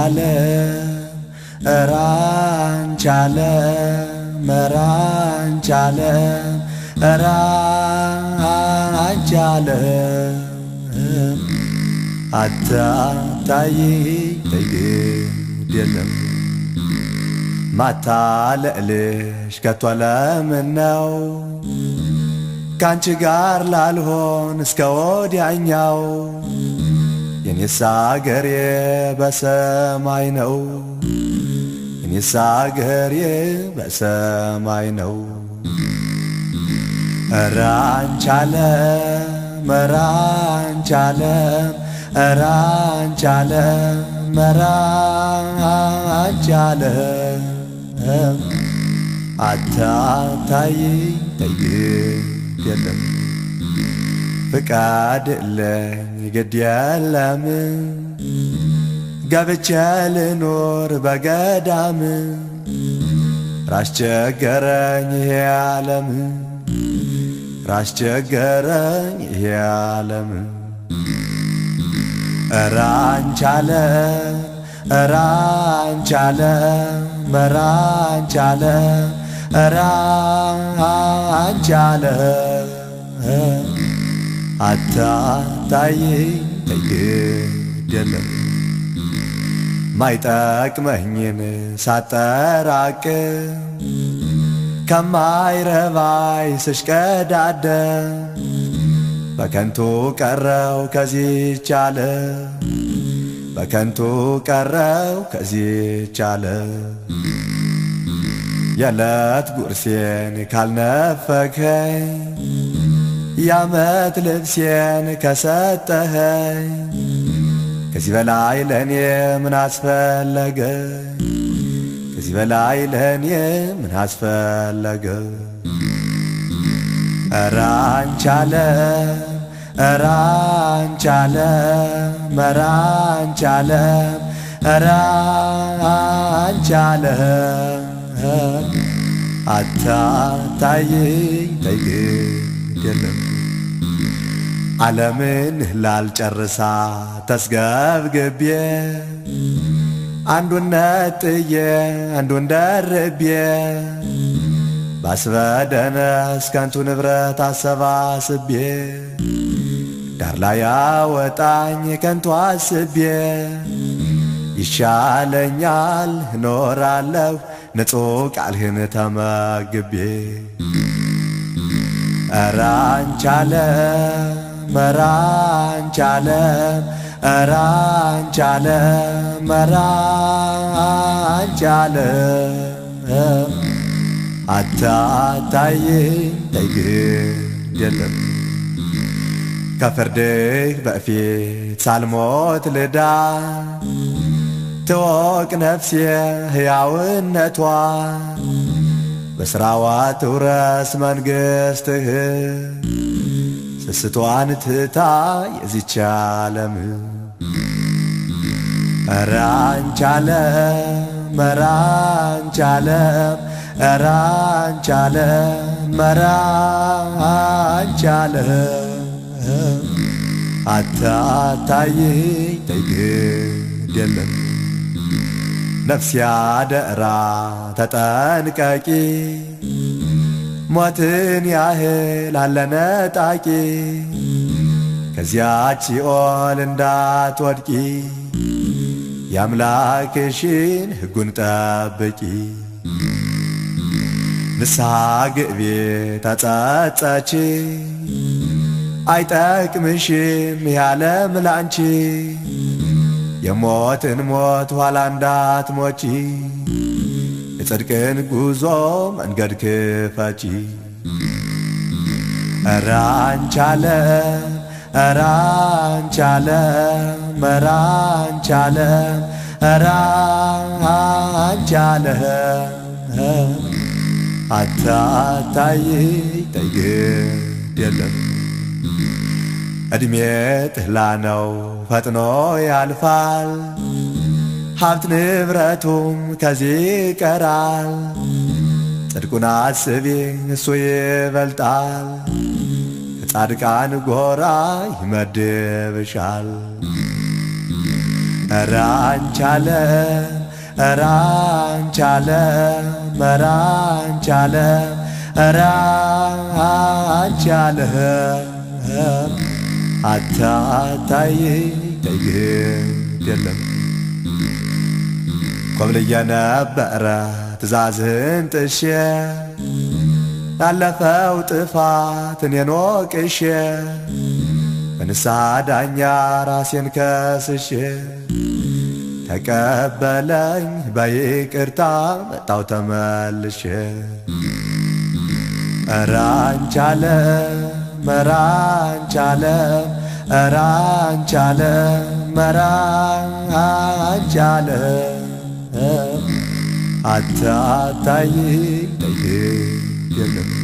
አንቻለ እረ አንቻለ መራ አንቻለ እረ አታታይ ግድ የለም ማታለልሽ ከቶ ለምን ነው ካንቺ ጋር ላልሆን እስከ ወዲያኛው እኔስ በሰማይ ነው፣ እኔስ በሰማይ ነው። ኧረ አንቺ ዓለም ኧረ አታታይ ጠይቅ የለም ፍቃድ ለኝ ግድ የለም ገብቼ ልኖር በገዳም ራስቸገረኝ ይሄ ዓለም ራስቸገረኝ ይሄ ዓለም እረ አንቻለ እረ አንቻለ አታታየኝ እየደለም ማይጠቅመኝን ሳጠራቅ ከማይረባይ ስሽቀዳደ በከንቱ ቀረው ከዚህች ዓለም በከንቱ ቀረው ከዚህች ዓለም የዕለት ጉርሴን ካልነፈከኝ የዓመት ልብሴን ከሰጠኸኝ ከዚህ በላይ ለእኔ ምን አስፈለገ? ከዚህ በላይ ለእኔ ምን አስፈለገ? ኧረ አንቺ ዓለም ኧረ አንቺ ዓለም ኧረ አንቺ ዓለም ኧረ አንቺ ዓለም አታታይኝ ተይ የለም ዓለምን ላልጨርሳ ተስገብግቤ አንዱን ነጥዬ አንዱን ደርቤ ባስበደነ እስከንቱ ንብረት አሰባስቤ ዳር ላይ አወጣኝ ከንቱ አስቤ ይሻለኛል እኖራለሁ ንጹሕ ቃልህን ተመግቤ እረ አንቺ ዓለም እረ አታታይኝ የግድ የለም ከፍርድህ በፊት ሳልሞት ልዳ ትወቅ ነፍስ ሕያውነቷ በሥራዋ ትውረስ መንግሥትህ ስስቷን ትታ የዚች ዓለም ኧረ አንቺ ዓለም ኧረ አንቺ ዓለም ነፍስያ ደዕራ ተጠንቀቂ፣ ሞትን ያህል አለነጣቂ ከዚያች ሲኦል እንዳትወድቂ የአምላክሽን ሕጉን ጠብቂ። ንስሓ ግቢ ተጸጸች፣ አይጠቅምሽም ያለም ላንቺ የሞትን ሞት ኋላ እንዳትሞቺ የጽድቅን ጉዞ መንገድ ክፈቺ። ኧረ አንቺ ዓለም ኧረ አንቺ ዓለም ኧረ አንቺ ዓለም ኧረ አንቺ ዓለም አታታዪ ተይ የለም እድሜ ጥላ ነው ፈጥኖ ያልፋል፣ ሀብት ንብረቱም ከዚህ ይቀራል። ጽድቁን አስቢ እሱ ይበልጣል፣ ከጻድቃን ጎራ ይመድብሻል። ኧረ አንቺ ዓለም ኧረ አታታይ ቀይህ የለም ኮብልዬ ነበረ ትእዛዝህን ጥሼ ላለፈው ጥፋት እኔን ወቅሼ በንስሐ ዳኛ ራሴን ከስሼ ተቀበለኝ በይቅርታ መጣው ተመልሼ ራንቻለ መራን ቻለ ራን አታታይ የለም